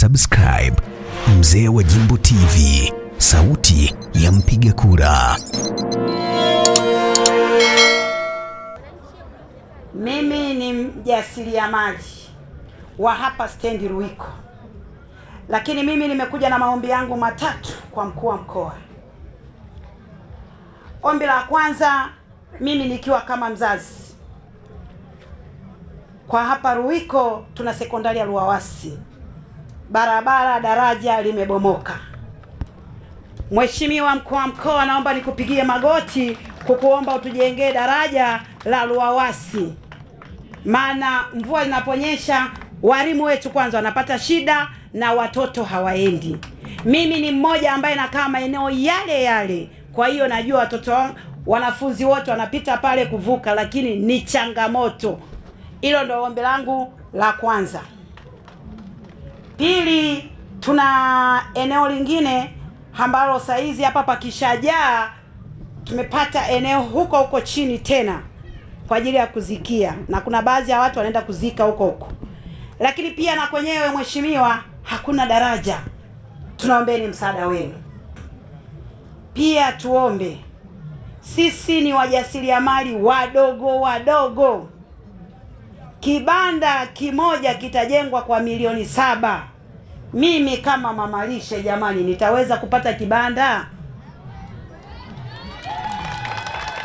subscribe Mzee wa Jimbo TV, sauti ya mpiga kura. Mimi ni mjasiriamali wa hapa stendi Ruiko, lakini mimi nimekuja na maombi yangu matatu kwa mkuu wa mkoa. Ombi la kwanza, mimi nikiwa kama mzazi kwa hapa Ruiko tuna sekondari ya Luawasi barabara, daraja limebomoka. Mheshimiwa mkuu wa mkoa, naomba nikupigie magoti kukuomba utujengee daraja la Luawasi, maana mvua inaponyesha walimu wetu kwanza wanapata shida na watoto hawaendi. Mimi ni mmoja ambaye nakaa maeneo yale yale, kwa hiyo najua watoto wanafunzi wote wanapita pale kuvuka, lakini ni changamoto. Hilo ndo ombi langu la kwanza. Pili, tuna eneo lingine ambalo saizi hapa pakishajaa, tumepata eneo huko huko chini tena kwa ajili ya kuzikia, na kuna baadhi ya watu wanaenda kuzika huko huko. Lakini pia na kwenyewe, mheshimiwa, hakuna daraja. Tunaombeni msaada wenu. Pia tuombe, sisi ni wajasiriamali wadogo wadogo Kibanda kimoja kitajengwa kwa milioni saba. Mimi kama mamalishe, jamani, nitaweza kupata kibanda?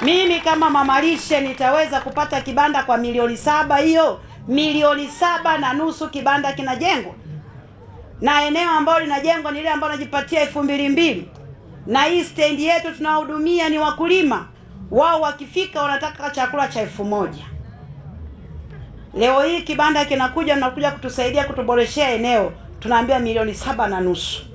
Mimi kama mamalishe nitaweza kupata kibanda kwa milioni saba? Hiyo milioni saba na nusu kibanda kinajengwa, na eneo ambalo linajengwa ni ile ambayo najipatia elfu mbili mbili, na hii stendi yetu tunawahudumia ni wakulima. Wao wakifika wanataka chakula cha elfu moja Leo hii kibanda kinakuja, mnakuja kutusaidia kutuboreshea eneo, tunaambia milioni saba na nusu.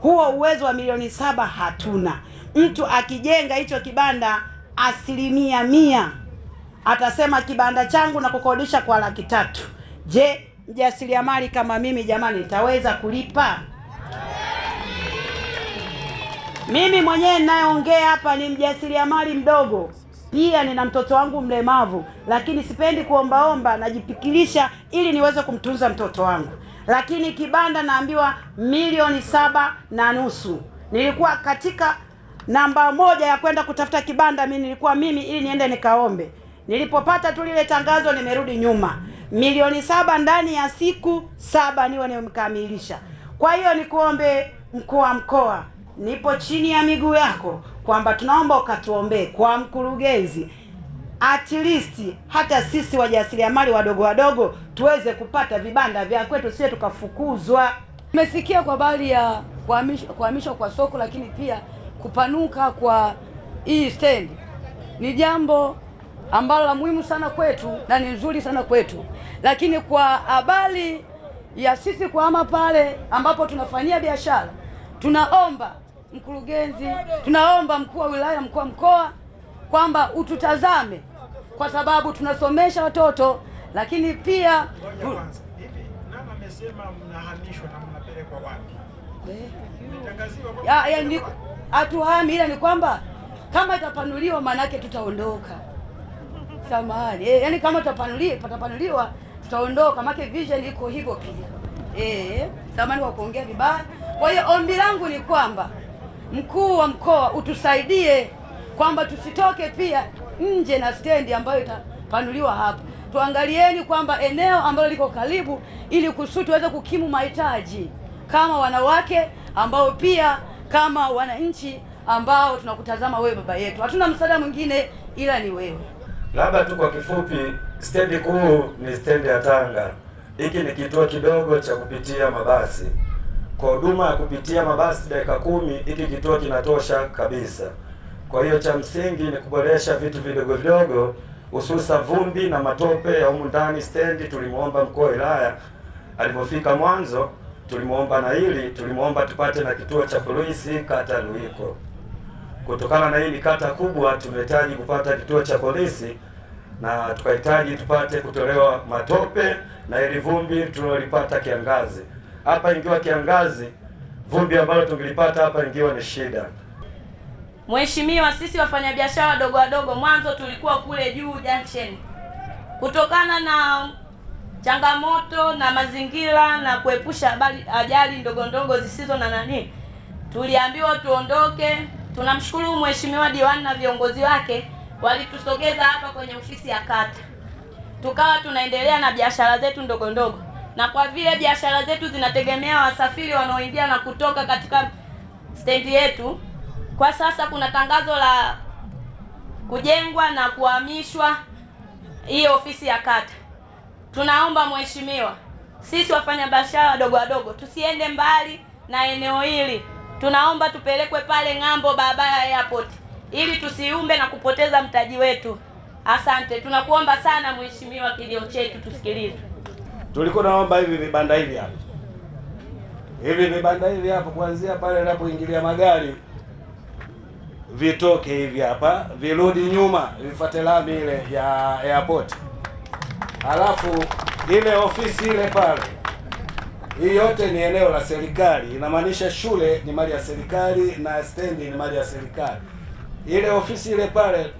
Huo uwezo wa milioni saba hatuna. Mtu akijenga hicho kibanda asilimia mia atasema kibanda changu na kukodisha kwa laki tatu. Je, mjasiriamali kama mimi jamani, nitaweza kulipa? Mimi mwenyewe ninayeongea hapa ni mjasiriamali mdogo. Pia nina mtoto wangu mlemavu, lakini sipendi kuombaomba, najipikilisha ili niweze kumtunza mtoto wangu. Lakini kibanda naambiwa milioni saba na nusu. Nilikuwa katika namba moja ya kwenda kutafuta kibanda, mimi nilikuwa mimi, ili niende nikaombe. Nilipopata tu lile tangazo, nimerudi nyuma. Milioni saba ndani ya siku saba niwe nimekamilisha. Kwa hiyo nikuombe mkuu wa mkoa, nipo chini ya miguu yako kwamba tunaomba ukatuombee kwa mkurugenzi, at least hata sisi wajasiriamali wadogo wadogo tuweze kupata vibanda vya kwetu, sio tukafukuzwa. Tumesikia kwa habari ya kuhamishwa kwa soko, lakini pia kupanuka kwa hii stendi ni jambo ambalo la muhimu sana kwetu na ni nzuri sana kwetu, lakini kwa habari ya sisi kuhama pale ambapo tunafanyia biashara, tunaomba mkurugenzi, tunaomba mkuu wa wilaya, mkuu wa mkoa kwamba ututazame kwa sababu tunasomesha watoto, lakini pia hatuhami, ila ni kwamba kama itapanuliwa maanake tutaondoka. samani eh, yani kama tutapanuliwa, patapanuliwa tutaondoka, maana vision iko hivyo pia eh, samani kwa kuongea vibaya. Kwa hiyo ombi langu ni kwamba mkuu wa mkoa utusaidie kwamba tusitoke pia nje na stendi ambayo itapanuliwa hapa. Tuangalieni kwamba eneo ambalo liko karibu, ili kusudi tuweze kukimu mahitaji kama wanawake ambao pia kama wananchi ambao tunakutazama wewe, baba yetu, hatuna msaada mwingine ila ni wewe. Labda tu kwa kifupi, stendi kuu ni stendi ya Tanga. Hiki ni kituo kidogo cha kupitia mabasi kwa huduma ya kupitia mabasi dakika kumi, hiki kituo kinatosha kabisa. Kwa hiyo cha msingi ni kuboresha vitu vidogo vidogo, hususa vumbi na matope ya humu ndani stendi. Tulimwomba mkuu wa wilaya alipofika mwanzo, tulimwomba na hili tulimwomba tupate na kituo cha polisi kata Luiko. Kutokana na hii ni kata kubwa, tumehitaji kupata kituo cha polisi na tukahitaji tupate kutolewa matope na ili vumbi tulilopata kiangazi hapa ingiwa kiangazi, vumbi ambalo tungelipata hapa ingiwa ni shida. Mheshimiwa, sisi wafanyabiashara wadogo wadogo mwanzo tulikuwa kule juu junction, kutokana na changamoto na mazingira na kuepusha ajali ndogo ndogo zisizo na nani, tuliambiwa tuondoke. Tunamshukuru mheshimiwa diwani na viongozi wake walitusogeza hapa kwenye ofisi ya kata, tukawa tunaendelea na biashara zetu ndogo ndogo na kwa vile biashara zetu zinategemea wasafiri wanaoingia na kutoka katika stendi yetu, kwa sasa kuna tangazo la kujengwa na kuhamishwa hii ofisi ya kata. Tunaomba mheshimiwa, sisi wafanya biashara wadogo wadogo tusiende mbali na eneo hili, tunaomba tupelekwe pale ng'ambo barabara ya airport ili tusiumbe na kupoteza mtaji wetu. Asante, tunakuomba sana mheshimiwa, kilio chetu tusikilizwe tulikuwa naomba hivi vibanda hivi hapa hivi vibanda hivi hapa kuanzia pale inapoingilia magari vitoke hivi hapa, virudi nyuma, vifuate lami ile ya airport, halafu ile ofisi ile pale. Hii yote ni eneo la serikali, inamaanisha shule ni mali ya serikali na stendi ni mali ya serikali. Ile ofisi ile pale,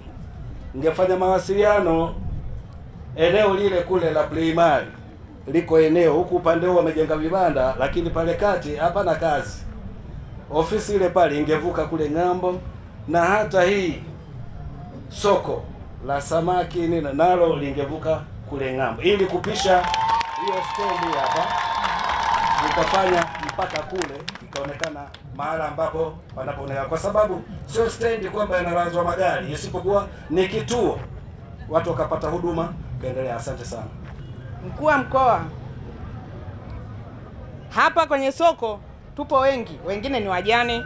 ningefanya mawasiliano eneo lile kule la primary liko eneo huku, upande huo wamejenga vibanda, lakini pale kati hapana kazi. Ofisi ile pale ingevuka kule ng'ambo, na hata hii soko la samaki nini nalo lingevuka kule ng'ambo, ili kupisha hiyo stendi hapa ikafanya mpaka kule ikaonekana mahala ambapo panapoonekana, kwa sababu sio stendi kwamba yanalazwa magari, isipokuwa ni kituo, watu wakapata huduma kaendelea. Asante sana. Mkuu wa mkoa, hapa kwenye soko tupo wengi, wengine ni wajane,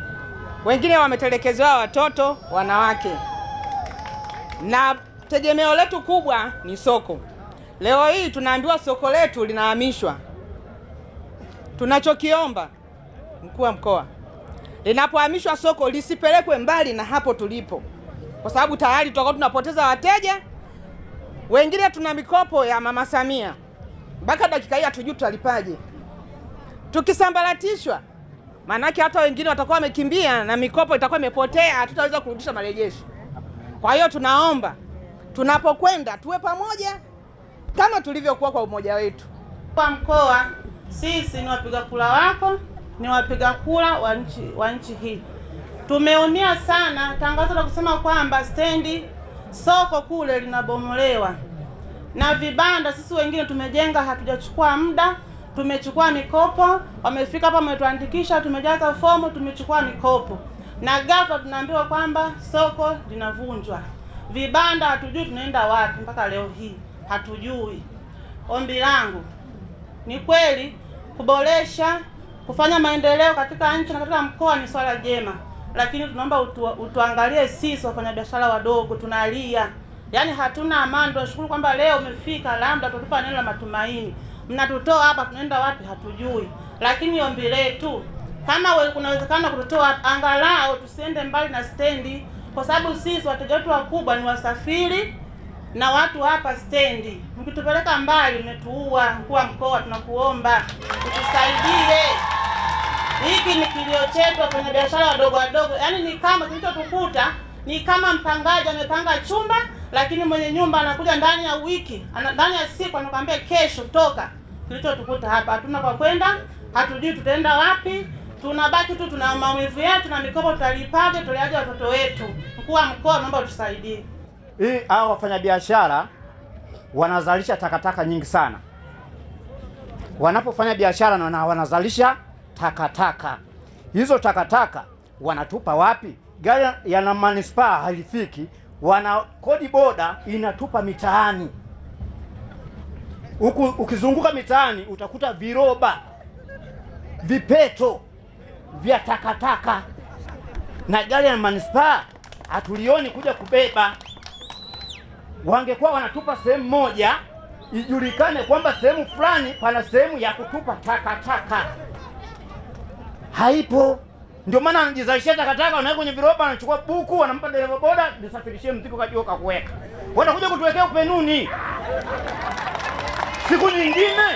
wengine wametelekezewa watoto, wanawake, na tegemeo letu kubwa ni soko. Leo hii tunaambiwa soko letu linahamishwa. Tunachokiomba mkuu wa mkoa, linapohamishwa soko lisipelekwe mbali na hapo tulipo, kwa sababu tayari tutakuwa tunapoteza wateja, wengine tuna mikopo ya mama Samia mpaka dakika hii hatujui tutalipaje. Tukisambaratishwa maanake hata wengine watakuwa wamekimbia na mikopo itakuwa imepotea, hatutaweza kurudisha marejesho. Kwa hiyo tunaomba tunapokwenda tuwe pamoja kama tulivyokuwa kwa umoja wetu. Kwa mkoa, sisi ni wapiga kura wako, ni wapiga kura wa nchi wa nchi hii. Tumeumia sana tangazo la kusema kwamba stendi soko kule linabomolewa na vibanda. Sisi wengine tumejenga, hatujachukua muda, tumechukua mikopo. Wamefika hapa, wametuandikisha, tumejaza fomu, tumechukua mikopo, na ghafla tunaambiwa kwamba soko linavunjwa, vibanda hatujui tunaenda wapi. Mpaka leo hii hatujui. Ombi langu ni kweli, kuboresha kufanya maendeleo katika nchi na katika mkoa ni swala jema, lakini tunaomba utu, utuangalie sisi wafanyabiashara wadogo, tunalia. Yaani hatuna amani. Tunashukuru kwamba leo umefika, labda tutupa neno la matumaini. Mnatutoa hapa, tunaenda wapi hatujui, lakini ombi letu kama kunawezekana kututoa angalau tusiende mbali na stendi, kwa sababu sisi wateja wetu wakubwa ni wasafiri na watu hapa stendi. Mkitupeleka mbali, umetuua. Mkuu wa mkoa, tunakuomba utusaidie. Hiki ni kilio chetu, biashara wadogo wadogo. Yaani ni kama kilichotukuta ni kama mpangaji amepanga chumba lakini mwenye nyumba anakuja ndani ya wiki, ndani ya siku, anakuambia kesho toka. Kilichotukuta hapa, hatuna kwa kwenda, hatujui tutaenda wapi, tunabaki tu, tuna maumivu yetu na mikopo tutalipaje, tuliaje watoto wetu? Mkuu wa mkoa, naomba tusaidie. Hii hao wafanyabiashara wanazalisha takataka nyingi sana wanapofanya biashara na wanazalisha takataka hizo. Takataka wanatupa wapi? Gari ya manispaa halifiki, wana kodi boda inatupa mitaani huku. Ukizunguka mitaani utakuta viroba vipeto vya takataka na gari ya manispaa hatulioni kuja kubeba. Wangekuwa wanatupa sehemu moja, ijulikane kwamba sehemu fulani pana sehemu ya kutupa takataka, haipo. Ndio maana anajizalishia takataka, anaweka kwenye viroba, anachukua buku, anampa dereva boda, nisafirishie mzigo, kajua kakuweka wewe, kutuwekea upenuni. Siku nyingine,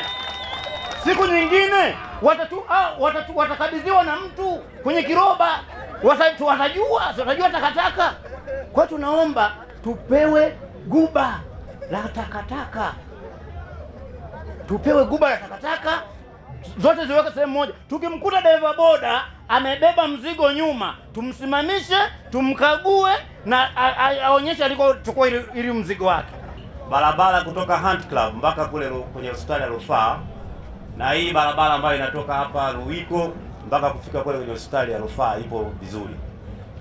siku nyingine watatu, ah, watatu watakabidhiwa na mtu kwenye kiroba, watatu watajua, watajua takataka. Kwa tunaomba tupewe guba la takataka, tupewe guba la takataka, zote ziweke sehemu moja. Tukimkuta dereva boda amebeba mzigo nyuma, tumsimamishe, tumkague na aonyeshe alikochukua ili, ili mzigo wake. Barabara kutoka Hunt Club mpaka kule kwenye hospitali ya rufaa, na hii barabara ambayo inatoka hapa Ruiko mpaka kufika kule kwenye hospitali ya rufaa ipo vizuri.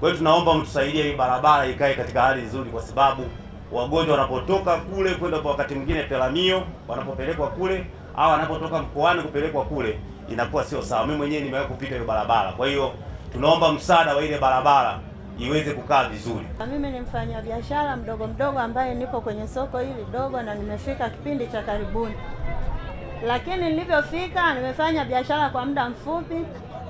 Kwa hiyo tunaomba mtusaidie hii barabara ikae katika hali nzuri, kwa sababu wagonjwa wanapotoka kule kwenda kwa wakati mwingine Pelamio, wanapopelekwa kule au wanapotoka mkoani kupelekwa kule inakuwa sio sawa. Mimi mwenyewe nimewahi kupita hiyo barabara, kwa hiyo tunaomba msaada wa ile barabara iweze kukaa vizuri. Mimi ni mfanya biashara mdogo mdogo ambaye nipo kwenye soko hili dogo na nimefika kipindi cha karibuni, lakini nilivyofika nimefanya biashara kwa muda mfupi,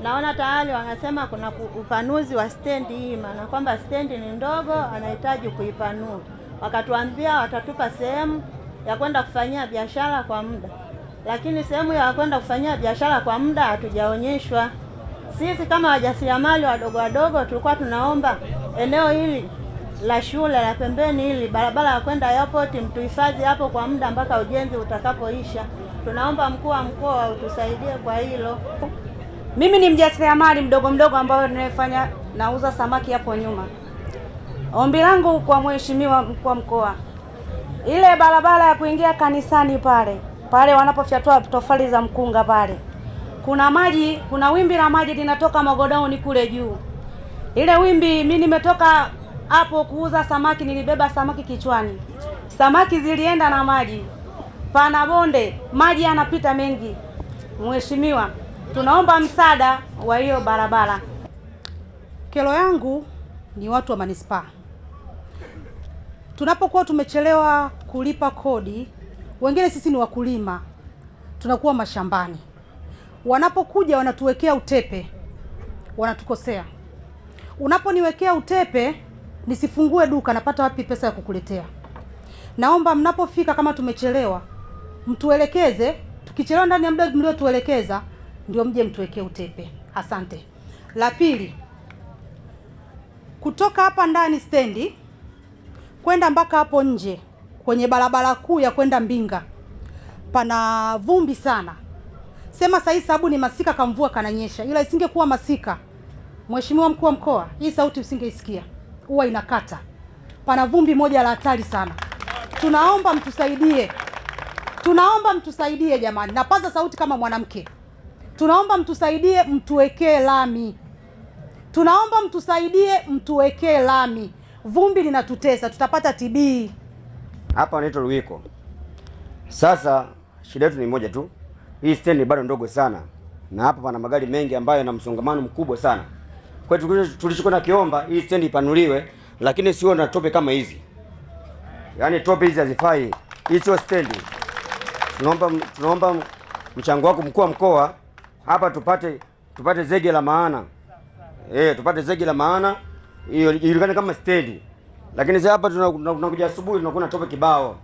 naona tayari wanasema kuna upanuzi wa stendi hii, maana kwamba stendi ni ndogo, anahitaji kuipanua. Wakatuambia watatupa sehemu ya kwenda kufanyia biashara kwa muda lakini sehemu ya kwenda kufanyia biashara kwa muda hatujaonyeshwa. Sisi kama wajasiriamali wadogo wadogo tulikuwa tunaomba eneo hili la shule la pembeni hili, barabara ya kwenda airport, mtuhifadhi hapo kwa muda mpaka ujenzi utakapoisha. Tunaomba mkuu wa mkoa utusaidie kwa hilo. Mimi ni mjasiriamali mdogo mdogo ambayo ninayefanya nauza samaki hapo nyuma. Ombi langu kwa mheshimiwa mkuu wa mkoa, ile barabara ya kuingia kanisani pale pale wanapofyatua tofali za mkunga pale, kuna maji, kuna wimbi la maji linatoka magodauni kule juu. Ile wimbi, mi nimetoka hapo kuuza samaki, nilibeba samaki kichwani, samaki zilienda na maji. Pana bonde, maji yanapita mengi. Mheshimiwa, tunaomba msaada wa hiyo barabara. Kero yangu ni watu wa manispaa, tunapokuwa tumechelewa kulipa kodi wengine sisi ni wakulima, tunakuwa mashambani, wanapokuja wanatuwekea utepe, wanatukosea. Unaponiwekea utepe nisifungue duka, napata wapi pesa ya kukuletea? Naomba mnapofika, kama tumechelewa mtuelekeze, tukichelewa ndani ya muda mliotuelekeza ndio mje mtuwekee utepe. Asante. La pili, kutoka hapa ndani stendi kwenda mpaka hapo nje kwenye barabara kuu ya kwenda Mbinga pana vumbi sana, sema hii sababu ni masika, kamvua kananyesha, ila isingekuwa masika, Mheshimiwa mkuu wa mkoa, hii sauti usingeisikia, huwa inakata. Pana vumbi moja la hatari sana, tunaomba mtusaidie, tunaomba mtusaidie jamani, napaza sauti kama mwanamke, tunaomba mtusaidie, mtuwekee lami, tunaomba mtusaidie, mtuwekee lami, vumbi linatutesa, tutapata tibii hapa wanaitwa luiko Sasa shida yetu ni moja tu, hii stendi bado ndogo sana, na hapa pana magari mengi ambayo yana msongamano mkubwa sana. Kwa hiyo tulichokwenda kiomba hii stendi ipanuliwe, lakini sio na tope kama hizi, yaani tope hizi hazifai. Hii sio stendi. Tunaomba, tunaomba mchango wako mkuu wa mkoa hapa, tupate tupate zege la maana eh, tupate zege la maana ijulikane kama stendi lakini sasa hapa tunakuja asubuhi tunakuwa na tope kibao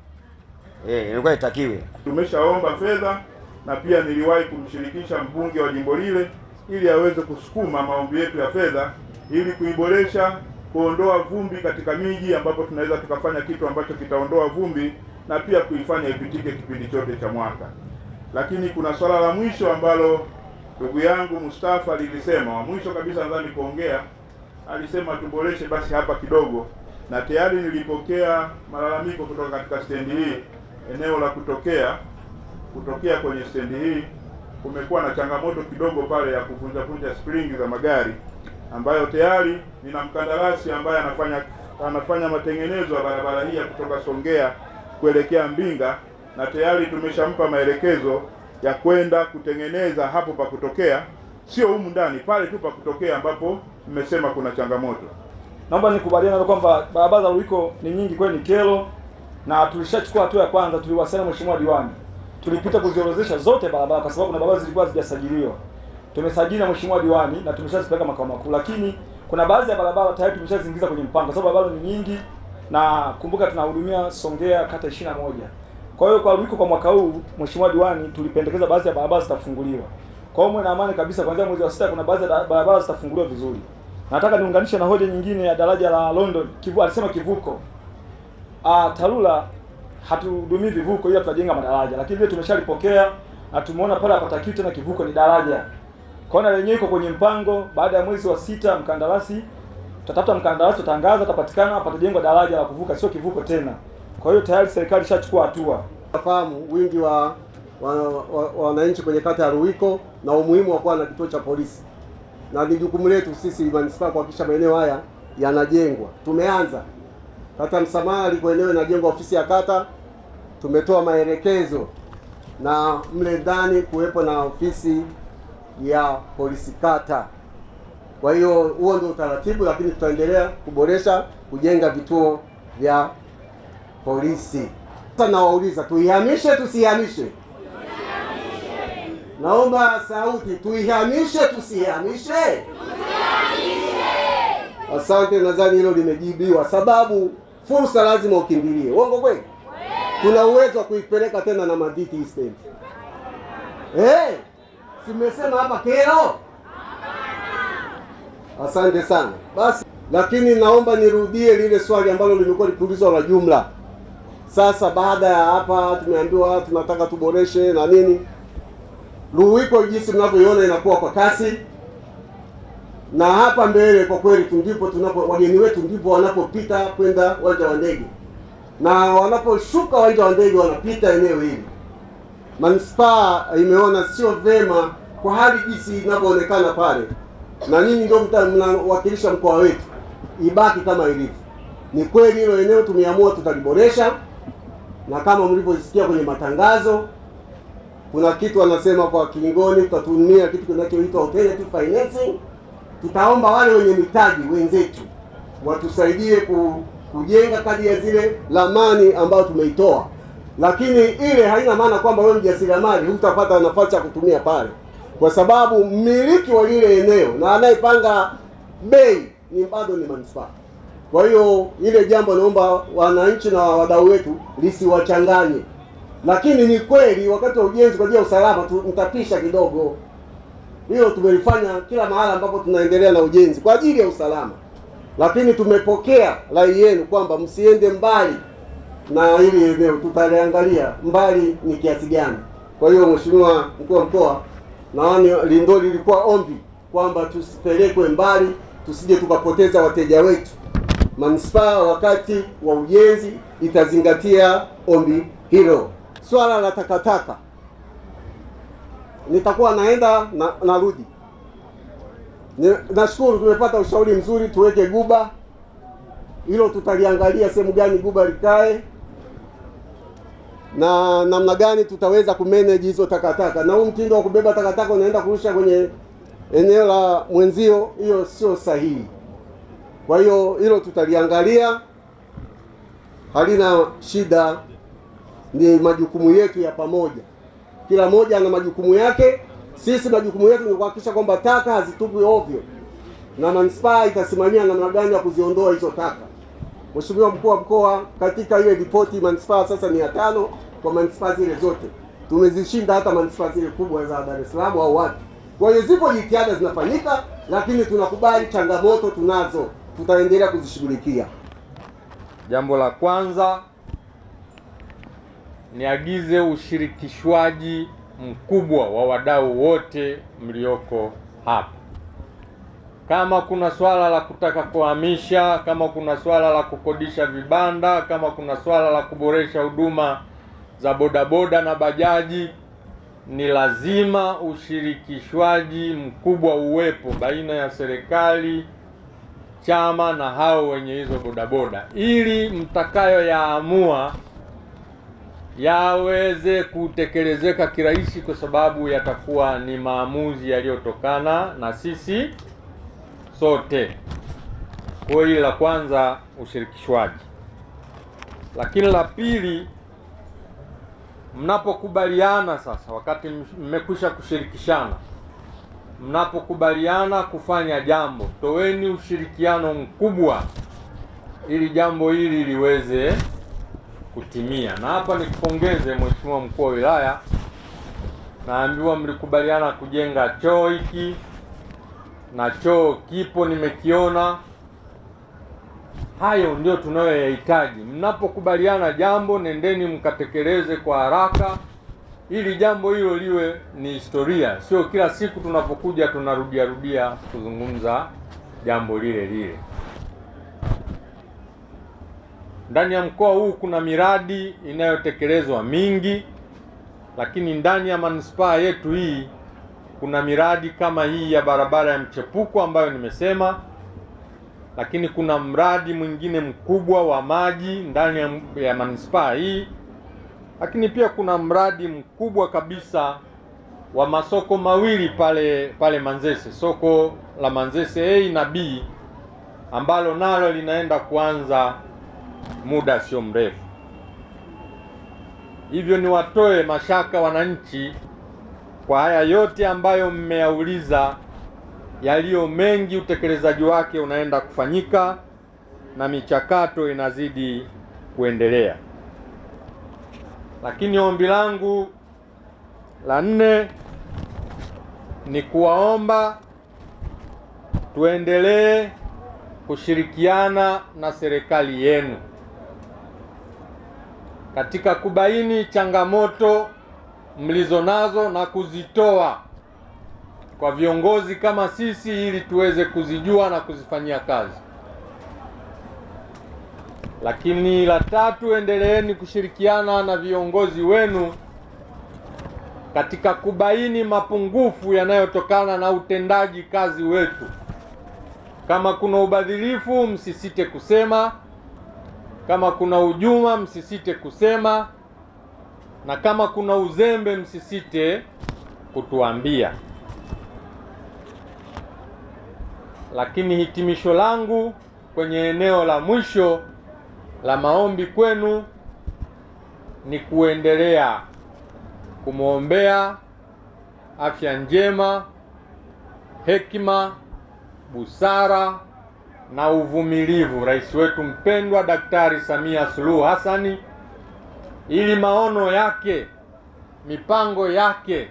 eh, ilikuwa itakiwe. Tumeshaomba fedha na pia niliwahi kumshirikisha mbunge wa jimbo lile ili aweze kusukuma maombi yetu ya fedha ili kuiboresha, kuondoa vumbi katika miji ambapo tunaweza tukafanya kitu ambacho kitaondoa vumbi na pia kuifanya ipitike kipindi chote cha mwaka. Lakini kuna swala la mwisho ambalo ndugu yangu Mustafa alilisema wa mwisho kabisa nadhani kuongea, alisema tuboreshe basi hapa kidogo na tayari nilipokea malalamiko kutoka katika stendi hii. Eneo la kutokea kutokea kwenye stendi hii kumekuwa na changamoto kidogo pale ya kuvunjavunja springi za magari, ambayo tayari nina mkandarasi ambaye anafanya anafanya matengenezo ya barabara hii ya kutoka Songea kuelekea Mbinga, na tayari tumeshampa maelekezo ya kwenda kutengeneza hapo pa kutokea, sio humu ndani, pale tu pa kutokea ambapo mmesema kuna changamoto naomba nikubaliana kwamba barabara za Ruiko ni nyingi kweli, ni kero, na tulishachukua hatua ya kwanza. Tuliwasiliana mheshimiwa diwani, tulipita kuziorodhesha zote barabara, kwa sababu na barabara zilikuwa hazijasajiliwa. Tumesajili na mheshimiwa diwani na tumeshazipeleka makao makuu, lakini kuna baadhi ya barabara tayari tumeshaziingiza kwenye mpango, kwa sababu barabara ni nyingi, na kumbuka tunahudumia Songea kata 21. Kwa hiyo kwa Ruiko kwa mwaka huu mheshimiwa diwani, tulipendekeza baadhi ya barabara zitafunguliwa. Kwa hiyo mwe na amani kabisa, kuanzia mwezi wa sita kuna baadhi ya barabara zitafunguliwa vizuri. Nataka niunganishe na hoja nyingine ya daraja la London. Kivu alisema kivuko. Ah, Tarura hatudumii vivuko ila tunajenga madaraja. Lakini vile tumeshalipokea na tumeona pale hapa hapataki na kivuko ni daraja. Kona lenyewe iko kwenye mpango baada ya mwezi wa sita mkandarasi tutatafuta mkandarasi tutangaza atapatikana patajengwa daraja la kuvuka sio kivuko tena. Kwa hiyo tayari serikali ishachukua hatua. Nafahamu wingi wa wananchi wa, wa, wa kwenye kata ya Ruiko na umuhimu wa kuwa na kituo cha polisi na ni jukumu letu sisi manispaa kuhakikisha maeneo haya yanajengwa. Tumeanza kata Msamaha, liko eneo inajengwa ofisi ya kata, tumetoa maelekezo na mle ndani kuwepo na ofisi ya polisi kata. Kwa hiyo huo ndio utaratibu, lakini tutaendelea kuboresha kujenga vituo vya polisi. Sasa nawauliza, tuihamishe tusihamishe? Naomba sauti tuihamishe, tusihamishe. Asante, nadhani hilo limejibiwa, sababu fursa lazima ukimbilie. Uongo kweli? Tuna uwezo wa kuipeleka tena na maditi stendi. Hey, eh, simesema hapa kero. Asante sana basi, lakini naomba nirudie lile swali ambalo limekuwa likuulizwa la jumla. Sasa baada ya hapa tumeambiwa tunataka tuboreshe na nini Ruwiko jinsi mnavyoiona inakuwa kwa kasi, na hapa mbele kwa kweli tundipo tunapo wageni wetu ndipo wanapopita kwenda uwanja wa ndege, na wanaposhuka uwanja wa ndege wanapita eneo hili. Manispaa imeona sio vema kwa hali jinsi inavyoonekana pale, na nyinyi ndio mnawakilisha mkoa wetu, ibaki kama ilivyo. Ni kweli hilo eneo tumeamua tutaliboresha, na kama mlivyosikia kwenye matangazo kuna kitu anasema kwa Kingoni, tutatumia kitu kinachoitwa alternative financing. Tutaomba wale wenye mitaji wenzetu watusaidie ku, kujenga kadi ya zile lamani ambayo tumeitoa, lakini ile haina maana kwamba wewe mjasiriamali hutapata nafasi ya kutumia pale, kwa sababu mmiliki wa lile eneo na anayepanga bei ni bado ni manispaa. Kwa hiyo ile jambo naomba wananchi na wadau wetu lisiwachanganye. Lakini ni kweli wakati wa ujenzi kwa ajili ya usalama tutapisha kidogo, hilo tumelifanya kila mahala ambapo tunaendelea na ujenzi kwa ajili ya usalama. Lakini tumepokea rai yenu kwamba msiende mbali na hili eneo, tutaliangalia mbali ni kiasi gani. Kwa hiyo, Mheshimiwa Mkuu wa Mkoa, naani lindo lilikuwa ombi kwamba tusipelekwe mbali, tusije tukapoteza wateja wetu. Manispaa wakati wa ujenzi itazingatia ombi hilo swala la takataka, nitakuwa naenda na narudi. Nashukuru tumepata ushauri mzuri, tuweke guba hilo, tutaliangalia sehemu gani guba likae na namna gani tutaweza kumanage hizo takataka. Na huu mtindo wa kubeba takataka unaenda kurusha kwenye eneo la mwenzio, hiyo sio sahihi. Kwa hiyo hilo tutaliangalia, halina shida ni majukumu yetu ya pamoja. Kila mmoja ana majukumu yake. Sisi majukumu yetu ni kuhakikisha kwamba taka hazitupwi ovyo, na manispaa itasimamia namna gani ya kuziondoa hizo taka. Mheshimiwa mkuu wa mkoa, katika ile ripoti manispaa sasa ya tano kwa manispaa zile zote tumezishinda hata manispaa zile kubwa za Dar es Salaam au wapi. Kwa hiyo zipo jitihada zinafanyika, lakini tunakubali changamoto tunazo, tutaendelea kuzishughulikia. Jambo la kwanza niagize ushirikishwaji mkubwa wa wadau wote mlioko hapa. Kama kuna swala la kutaka kuhamisha, kama kuna swala la kukodisha vibanda, kama kuna swala la kuboresha huduma za bodaboda na bajaji, ni lazima ushirikishwaji mkubwa uwepo baina ya serikali, chama na hao wenye hizo bodaboda, ili mtakayoyaamua yaweze kutekelezeka kirahisi, kwa sababu yatakuwa ni maamuzi yaliyotokana na sisi sote. Kwa hiyo la kwanza ushirikishwaji, lakini la pili, mnapokubaliana sasa, wakati mmekwisha kushirikishana, mnapokubaliana kufanya jambo, toweni ushirikiano mkubwa ili jambo hili liweze kutimia. Na hapa nikupongeze Mheshimiwa mkuu wa wilaya, naambiwa mlikubaliana kujenga choo hiki na choo kipo, nimekiona. Hayo ndio tunayoyahitaji. Mnapokubaliana jambo, nendeni mkatekeleze kwa haraka ili jambo hilo liwe ni historia, sio kila siku tunapokuja tunarudiarudia kuzungumza jambo lile lile. Ndani ya mkoa huu kuna miradi inayotekelezwa mingi, lakini ndani ya manispaa yetu hii kuna miradi kama hii ya barabara ya mchepuko ambayo nimesema, lakini kuna mradi mwingine mkubwa wa maji ndani ya manispaa hii, lakini pia kuna mradi mkubwa kabisa wa masoko mawili pale pale Manzese, soko la Manzese A na B ambalo nalo linaenda kuanza muda sio mrefu. Hivyo niwatoe mashaka wananchi kwa haya yote ambayo mmeyauliza, yaliyo mengi, utekelezaji wake unaenda kufanyika na michakato inazidi kuendelea. Lakini ombi langu la nne ni kuwaomba tuendelee kushirikiana na serikali yenu katika kubaini changamoto mlizonazo na kuzitoa kwa viongozi kama sisi ili tuweze kuzijua na kuzifanyia kazi. Lakini la tatu, endeleeni kushirikiana na viongozi wenu katika kubaini mapungufu yanayotokana na utendaji kazi wetu. Kama kuna ubadhilifu, msisite kusema kama kuna ujuma msisite kusema, na kama kuna uzembe msisite kutuambia. Lakini hitimisho langu kwenye eneo la mwisho la maombi kwenu ni kuendelea kumwombea afya njema, hekima, busara na uvumilivu rais wetu mpendwa Daktari Samia Suluhu Hassani ili maono yake, mipango yake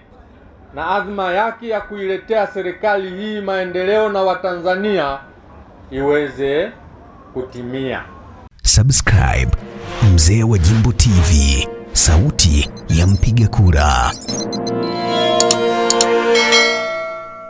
na azma yake ya kuiletea serikali hii maendeleo na Watanzania iweze kutimia. Subscribe Mzee wa Jimbo TV, sauti ya mpiga kura.